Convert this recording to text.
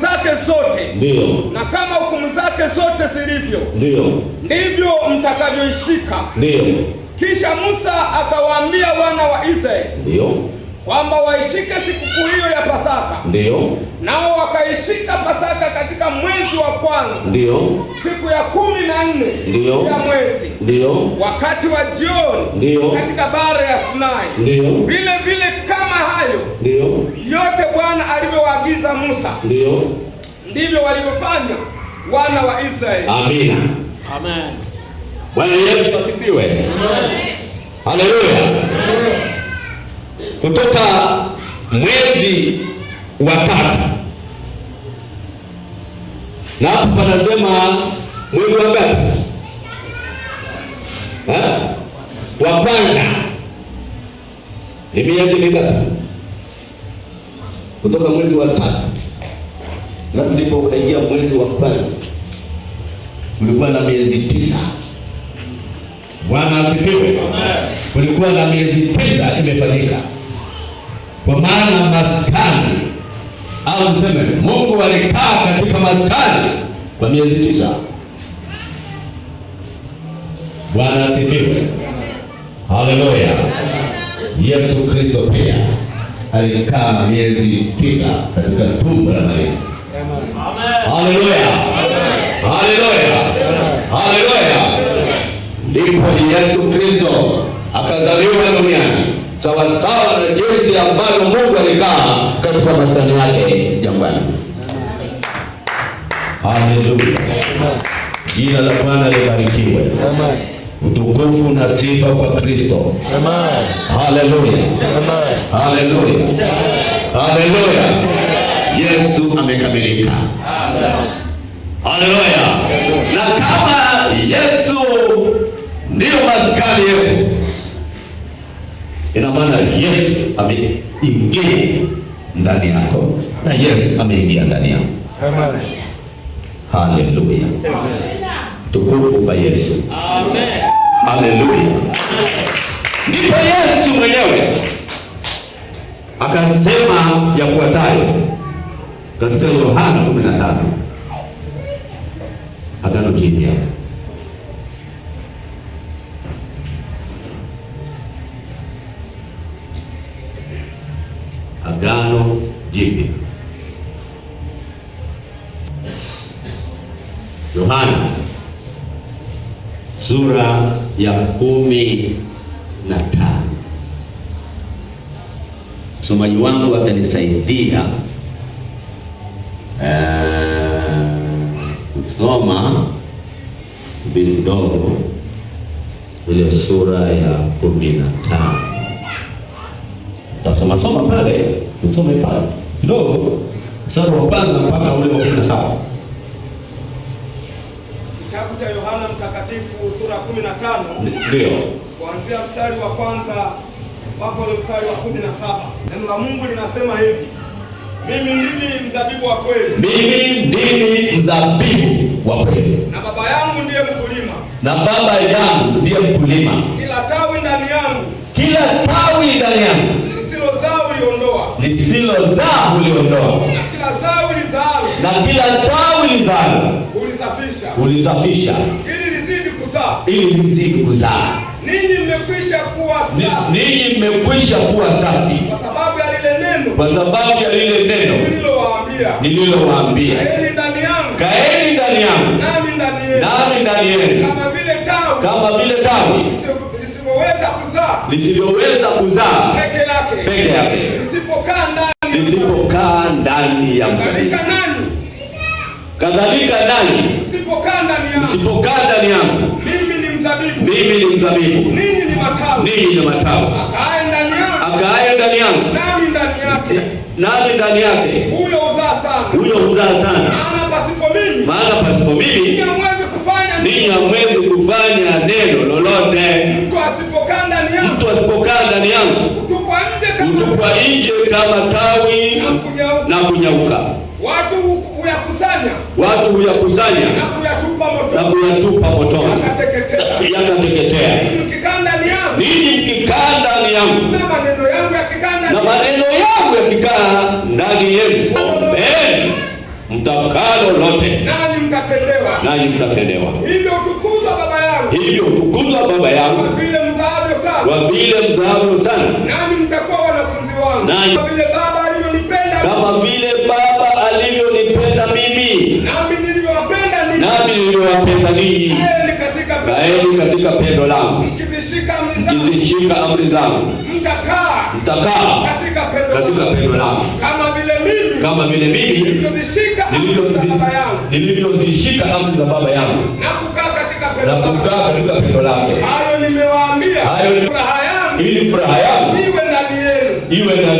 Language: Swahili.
zake zote ndio, na kama hukumu zake zote zilivyo ndio, ndivyo mtakavyoishika ndio. Kisha Musa akawaambia wana wa Israeli ndio kwamba waishike sikukuu hiyo ya Pasaka ndio, nao wakaishika Pasaka katika mwezi wa kwanza ndio, siku ya kumi na nne ndio ya mwezi ndio, wakati wa jioni ndio, katika bara ya Sinai ndio, vile vile hayo ndio yote Bwana alivyoagiza Musa, ndio ndivyo walivyofanya wana wa Israeli. Amina, amen. Bwana Yesu asifiwe, haleluya. Kutoka mwezi wa tatu na hapo panasema mwezi wa ngapi? wa kwanza ni miezi mingapi? kutoka mwezi wa tatu na ndipo ukaingia mwezi wa kwanza, kulikuwa na miezi tisa. Bwana asifiwe. Kulikuwa na miezi tisa imefanyika, kwa maana maskani au tuseme Mungu alikaa katika maskani kwa miezi tisa. Bwana asifiwe, haleluya. Yesu Kristo pia alikaa miezi tisa katika tumbo la Maria. Haleluya, haleluya, haleluya! Ndipo Yesu Kristo akazaliwa duniani sawasawa na jinsi ambayo Mungu alikaa katika maskani yake jangwani. Haleluya, jina la Bwana libarikiwe. Amen. Utukufu na sifa kwa Kristo. Amen. Haleluya. Amen. Haleluya. Haleluya. Yesu amekamilika. Amen. Haleluya. Na kama Yesu ndiyo maskani yetu, ina maana Yesu ameingia ndani yako na Yesu ameingia ndani yako. Amen. Haleluya. Amen. Tukufu kwa Yesu. Amen. Haleluya. Ndipo Yesu mwenyewe akasema yafuatayo katika Yohana 15 Agano Jipya Agano Jipya Yohana sura ya kumi na tano. Msomaji wangu atanisaidia eh, kusoma uh, bili ile sura ya kumi na tano tasomasoma pale, usome pale kidogo mstari wa kwanza mpaka ule wa kumi na saba. Kitabu cha Yohana Mtakatifu sura 15 ndio kuanzia mstari wa kwanza wapo ile mstari wa 17. Neno la Mungu linasema hivi, mimi ndimi mzabibu wa kweli, mimi ndimi mzabibu wa kweli, na baba yangu ndiye mkulima, na baba yangu ndiye mkulima. Kila tawi ndani yangu, kila tawi ndani yangu lisilozaa uliondoa, lisilozaa uliondoa, na kila zao lizaa, na kila tawi ulisafisha ili nizidi kuzaa, ili nizidi kuzaa. Ninyi mmekwisha kuwa safi, ninyi mmekwisha kuwa safi kwa sababu ya lile neno, kwa sababu ya lile neno nililowaambia, nililowaambia. Kaeni ndani yangu, kaeni ndani yangu, nami ndani yenu, nami ndani yenu, kama vile tawi, kama vile tawi lisivyoweza kuzaa, lisivyoweza kuzaa peke yake, peke yake, lisipokaa ndani, lisipokaa ndani ya mzabibu Kadhalika ndani, msipokaa ndani yangu mimi ni mzabibu, ninyi ni matao Akaaye ndani yangu nami ndani yake, huyo huzaa sana. Maana pasipo mimi ninyi hamwezi kufanya neno lolote. Mtu asipokaa ndani yangu hutupwa nje kama tawi na kunyauka, watu kuyakusanya watu kuyakusanya na kuyatupa motoni, na kuyatupa motoni yakateketea. Ninyi mkikaa ndani yangu na maneno yangu yakikaa ndani yenu, ombeni mtakalo lote, nanyi mtatendewa. Hivyo utukuzwa Baba yangu, hivyo utukuzwa Baba yangu, kwa vile mzaavyo sana, nami mtakuwa wanafunzi wangu. katika ninyi, kaeni katika pendo langu, mkizishika amri zangu mtakaa katika pendo langu, kama vile mimi nilivyozishika amri za Baba yangu na kukaa katika pendo lake. Hayo nimewaambia ili furaha yangu iwe ndani yenu.